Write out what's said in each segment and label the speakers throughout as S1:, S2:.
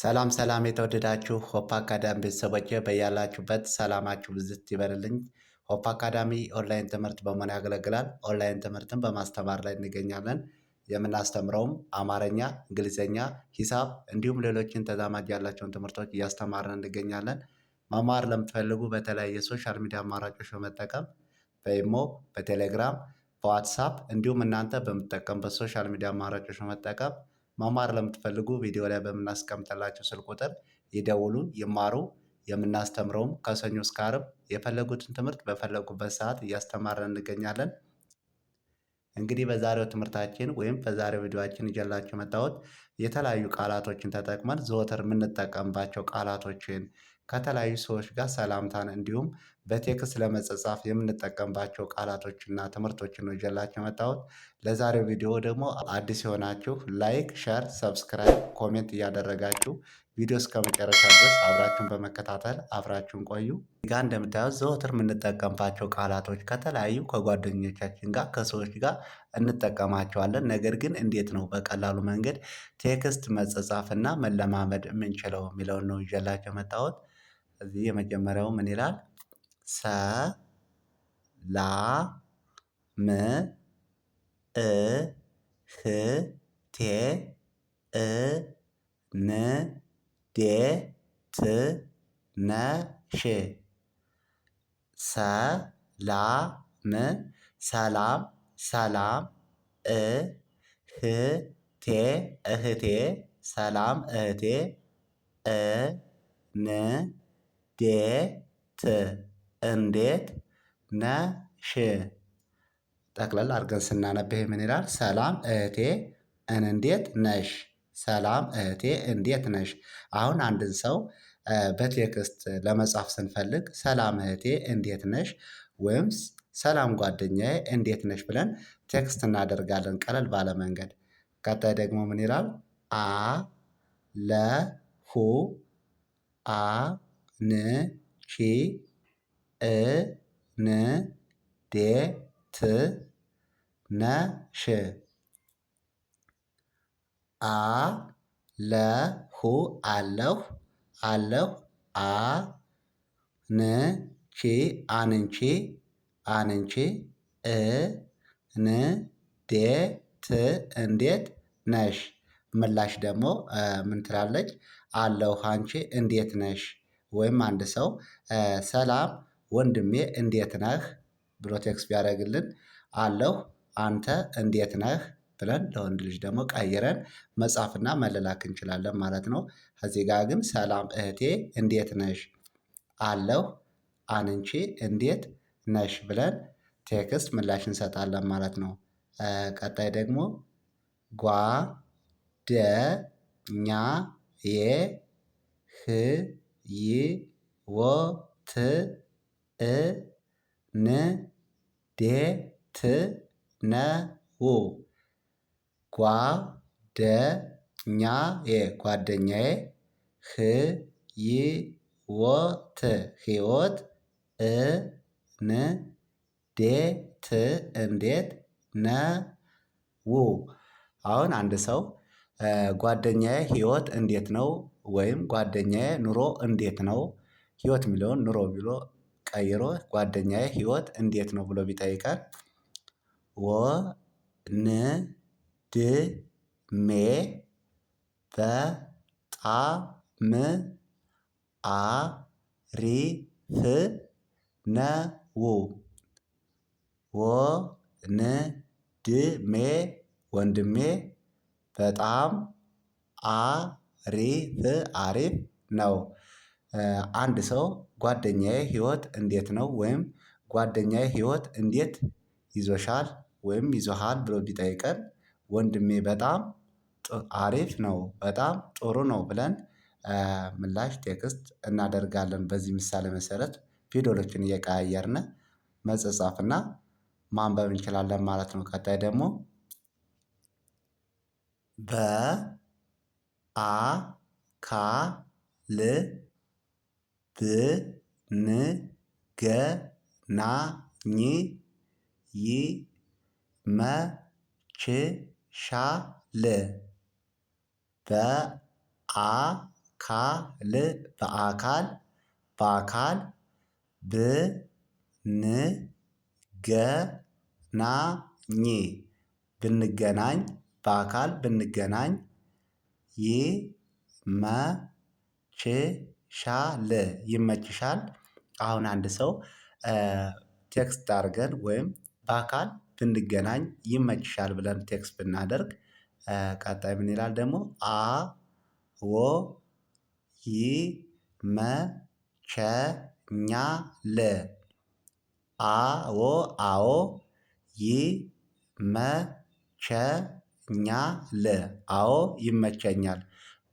S1: ሰላም ሰላም የተወደዳችሁ ሆፕ አካዳሚ ቤተሰቦች በያላችሁበት ሰላማችሁ ብዝት ይበልልኝ። ሆፕ አካዳሚ ኦንላይን ትምህርት በመሆን ያገለግላል። ኦንላይን ትምህርትን በማስተማር ላይ እንገኛለን። የምናስተምረውም አማርኛ፣ እንግሊዝኛ፣ ሂሳብ እንዲሁም ሌሎችን ተዛማጅ ያላቸውን ትምህርቶች እያስተማርን እንገኛለን። መማር ለምትፈልጉ በተለያየ የሶሻል ሚዲያ አማራጮች በመጠቀም በኢሞ፣ በቴሌግራም፣ በዋትሳፕ እንዲሁም እናንተ በምትጠቀሙበት ሶሻል ሚዲያ አማራጮች በመጠቀም መማር ለምትፈልጉ ቪዲዮ ላይ በምናስቀምጥላችሁ ስልክ ቁጥር ይደውሉ፣ ይማሩ። የምናስተምረውም ከሰኞ እስከ ዓርብ የፈለጉትን ትምህርት በፈለጉበት ሰዓት እያስተማረ እንገኛለን። እንግዲህ በዛሬው ትምህርታችን ወይም በዛሬው ቪዲዮችን ይዤላችሁ የመጣሁት የተለያዩ ቃላቶችን ተጠቅመን ዘወትር የምንጠቀምባቸው ቃላቶችን ከተለያዩ ሰዎች ጋር ሰላምታን እንዲሁም በቴክስት ለመጻጻፍ የምንጠቀምባቸው ቃላቶችና ትምህርቶችን ነው ይዤላችሁ የመጣሁት። ለዛሬው ቪዲዮ ደግሞ አዲስ የሆናችሁ ላይክ፣ ሸር፣ ሰብስክራይብ፣ ኮሜንት እያደረጋችሁ ቪዲዮ መጨረሻ ድረስ አብራችሁን በመከታተል አብራችሁን ቆዩ። ጋር እንደምታዩት ዘወትር የምንጠቀምባቸው ቃላቶች ከተለያዩ ከጓደኞቻችን ጋር ከሰዎች ጋር እንጠቀማቸዋለን። ነገር ግን እንዴት ነው በቀላሉ መንገድ ቴክስት መጻጻፍና መለማመድ የምንችለው የሚለውን ነው ይዤላችሁ የመጣሁት። እዚህ የመጀመሪያው ምን ይላል? ሰ ላ ም እ ህ ቴ እ ን ዴ ት ነ ሽ ሰ ላ ም ሰላም ሰላም እ ህ ቴ እህቴ ሰላም እህቴ እ ን ዴ ት እንዴት ነሽ? ጠቅለል አድርገን ስናነብህ ምን ይላል? ሰላም እህቴ እንዴት ነሽ? ሰላም እህቴ እንዴት ነሽ? አሁን አንድን ሰው በቴክስት ለመጻፍ ስንፈልግ ሰላም እህቴ እንዴት ነሽ? ወይም ሰላም ጓደኛዬ እንዴት ነሽ? ብለን ቴክስት እናደርጋለን ቀለል ባለ መንገድ። ቀጣይ ደግሞ ምን ይላል? አ ለ ሁ አ ን ሺ እንዴት ነሽ? አለሁ አለሁ አለሁ እ ን አንቺ እንዴት እንዴት ነሽ? ምላሽ ደግሞ ምን ትላለች አለሁ አንቺ እንዴት ነሽ? ወይም አንድ ሰው ሰላም ወንድሜ እንዴት ነህ ብሎ ቴክስት ቢያደርግልን አለሁ አንተ እንዴት ነህ ብለን ለወንድ ልጅ ደግሞ ቀይረን መጻፍና መለላክ እንችላለን ማለት ነው። ከዚህ ጋር ግን ሰላም እህቴ እንዴት ነሽ? አለሁ አንቺ እንዴት ነሽ ብለን ቴክስት ምላሽ እንሰጣለን ማለት ነው። ቀጣይ ደግሞ ጓ ደ ኛ ህ ይ ወ ት እንዴት ነው? ጓደኛዬ ጓደኛዬ ህይወት ት እንዴት ነ ነው? አሁን አንድ ሰው ጓደኛዬ ህይወት እንዴት ነው? ወይም ጓደኛዬ ኑሮ እንዴት ነው? ህይወት የሚለውን ኑሮ ቢሎ ቀይሮ ጓደኛዬ ህይወት እንዴት ነው ብሎ ቢጠይቀን ወ ን ድ ሜ በጣም አሪፍ ነው። ወንድሜ ወንድሜ በጣም አሪፍ አሪፍ ነው። አንድ ሰው ጓደኛዬ ህይወት እንዴት ነው ወይም ጓደኛዬ ህይወት እንዴት ይዞሻል ወይም ይዞሃል ብሎ ቢጠይቀን ወንድሜ በጣም አሪፍ ነው በጣም ጥሩ ነው ብለን ምላሽ ቴክስት እናደርጋለን በዚህ ምሳሌ መሰረት ፊደሎችን እየቀያየርን መጽጻፍና ማንበብ እንችላለን ማለት ነው። ቀጣይ ደግሞ በ ብንገናኝ ይመችሻል። በአካል በአካል በአካል ብንገናኝ ብንገናኝ በአካል ብንገናኝ ይመችሻል ሻለ ይመችሻል። አሁን አንድ ሰው ቴክስት አድርገን ወይም በአካል ብንገናኝ ይመችሻል ብለን ቴክስት ብናደርግ ቀጣይ ምን ይላል ደግሞ አ ወ ይ መ ቸ ኛ ለ አዎ አዎ ይ መ ቸ ኛ ለ አዎ ይመቸኛል።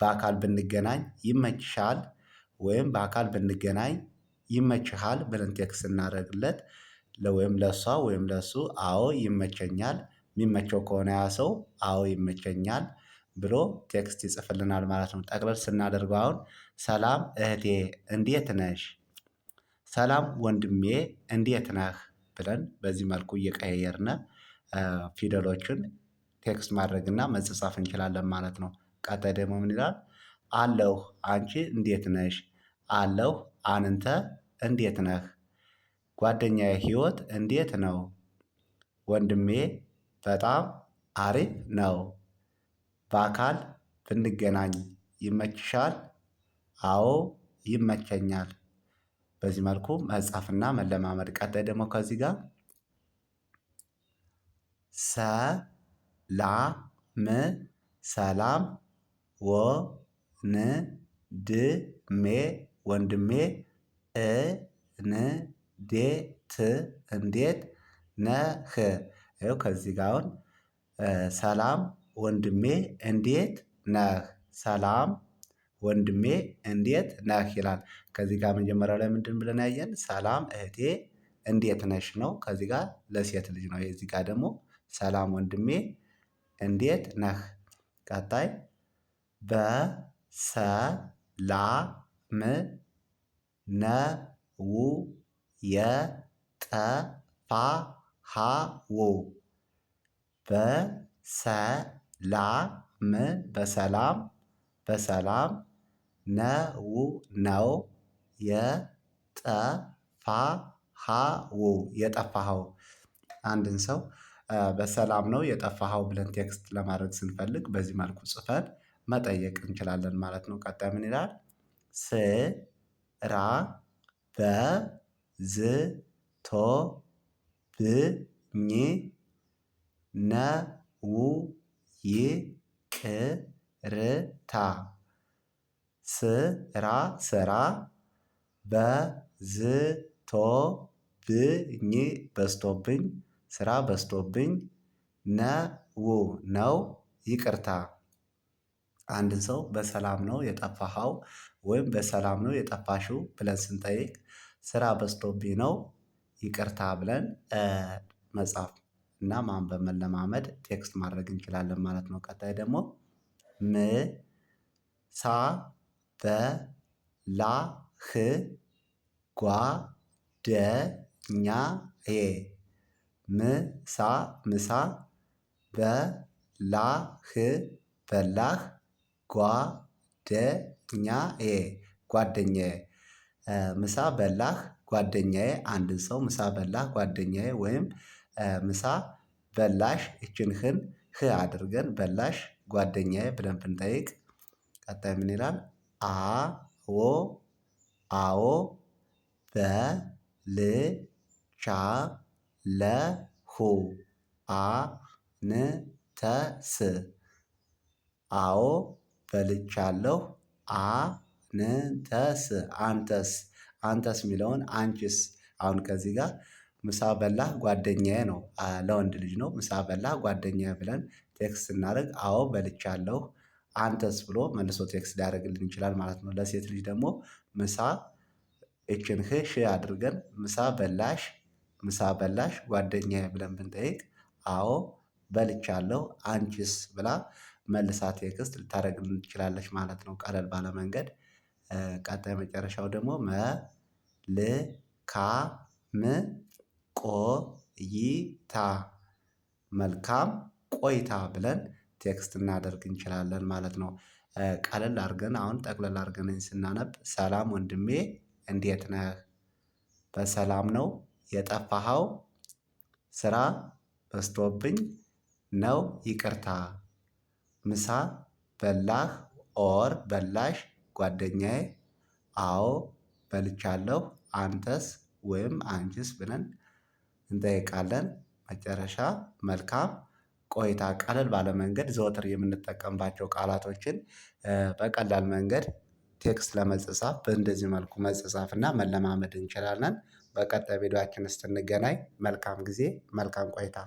S1: በአካል ብንገናኝ ይመችሻል ወይም በአካል ብንገናኝ ይመችሃል ብለን ቴክስት ስናደርግለት ወይም ለእሷ ወይም ለእሱ አዎ ይመቸኛል የሚመቸው ከሆነ ያ ሰው አዎ ይመቸኛል ብሎ ቴክስት ይጽፍልናል ማለት ነው። ጠቅለል ስናደርገው አሁን ሰላም እህቴ እንዴት ነሽ? ሰላም ወንድሜ እንዴት ነህ? ብለን በዚህ መልኩ እየቀየርነ ፊደሎችን ቴክስት ማድረግና መጽጻፍ እንችላለን ማለት ነው። ቀጣይ ደግሞ ምን ይላል አለሁ አንቺ እንዴት ነሽ? አለሁ አንንተ እንዴት ነህ? ጓደኛዬ ህይወት እንዴት ነው? ወንድሜ በጣም አሪፍ ነው። በአካል ብንገናኝ ይመችሻል? አዎ ይመቸኛል። በዚህ መልኩ መጻፍና መለማመድ ቀጣይ ደግሞ ከዚህ ጋር ሰላም ሰላም ወ ወንድሜ ወንድሜ እንዴት እንዴት ነህ? ይኸው ከዚህ ጋር አሁን ሰላም ወንድሜ እንዴት ነህ ሰላም ወንድሜ እንዴት ነህ ይላል። ከዚህ ጋር መጀመሪያ ላይ ምንድን ብለን ያየን ሰላም እህቴ እንዴት ነሽ ነው። ከዚህ ጋር ለሴት ልጅ ነው የዚህ ጋር ደግሞ ሰላም ወንድሜ እንዴት ነህ? ቀጣይ በ ሰላም ነው የጠፋሃው በሰላም በሰላም በሰላም ነው ነው የጠፋኸው የጠፋሃው አንድን ሰው በሰላም ነው የጠፋኸው ብለን ቴክስት ለማድረግ ስንፈልግ በዚህ መልኩ ጽፈን መጠየቅ እንችላለን ማለት ነው። ቀጣይ ምን ይላል? ስ ራ በ ዝ ቶ ብ ኝ ነ ው ይ ቅ ር ታ ስራ ስራ በዝቶብኝ በዝቶብኝ ስራ በዝቶብኝ ነው ነው ይቅርታ አንድን ሰው በሰላም ነው የጠፋኸው ወይም በሰላም ነው የጠፋሽው ብለን ስንጠይቅ ስራ በዝቶብኝ ነው ይቅርታ ብለን መጻፍ እና ማንበብ መለማመድ ቴክስት ማድረግ እንችላለን ማለት ነው። ቀጣይ ደግሞ ም ሳ በ ላ ህ ጓ ደ ኛ ዬ ምሳ ላ ህ በላህ ጓደኛዬ ጓደኘ ምሳ በላህ ጓደኛዬ አንድን ሰው ምሳ በላህ ጓደኛዬ ወይም ምሳ በላሽ እችን ህን ህ አድርገን በላሽ ጓደኛዬ ብለን ብንጠይቅ። ቀጣይ ምን ይላል? አዎ አዎ ለሁ አንተስ አዎ በልቻለሁ። አንተስ አንተስ አንተስ የሚለውን አንቺስ አሁን ከዚህ ጋር ምሳ በላህ ጓደኛዬ ነው ለወንድ ልጅ ነው ምሳ በላህ ጓደኛዬ ብለን ቴክስት ስናደርግ አዎ በልቻለሁ አንተስ ብሎ መልሶ ቴክስት ሊያደርግልን ይችላል ማለት ነው። ለሴት ልጅ ደግሞ ምሳ ይቺን ህ ሽ አድርገን ምሳ በላሽ ምሳ በላሽ ጓደኛዬ ብለን ብንጠይቅ አዎ በልቻለሁ አንቺስ ብላ መልሳ ቴክስት ልታደርግልን ትችላለች ማለት ነው። ቀለል ባለ መንገድ ቀጣይ መጨረሻው ደግሞ መልካም ቆይታ መልካም ቆይታ ብለን ቴክስት እናደርግ እንችላለን ማለት ነው። ቀለል አድርገን አሁን ጠቅለል አድርገን ስናነብ ሰላም ወንድሜ እንዴት ነህ? በሰላም ነው የጠፋኸው? ስራ በዝቶብኝ ነው ይቅርታ ምሳ በላህ ኦር በላሽ ጓደኛዬ? አዎ በልቻለሁ አንተስ ወይም አንቺስ ብለን እንጠይቃለን። መጨረሻ መልካም ቆይታ ቀለል ባለ መንገድ ዘወትር የምንጠቀምባቸው ቃላቶችን በቀላል መንገድ ቴክስት ለመጻጻፍ በእንደዚህ መልኩ መጻጻፍ እና መለማመድ እንችላለን። በቀጣይ ቪዲዮአችን እስክንገናኝ መልካም ጊዜ መልካም ቆይታ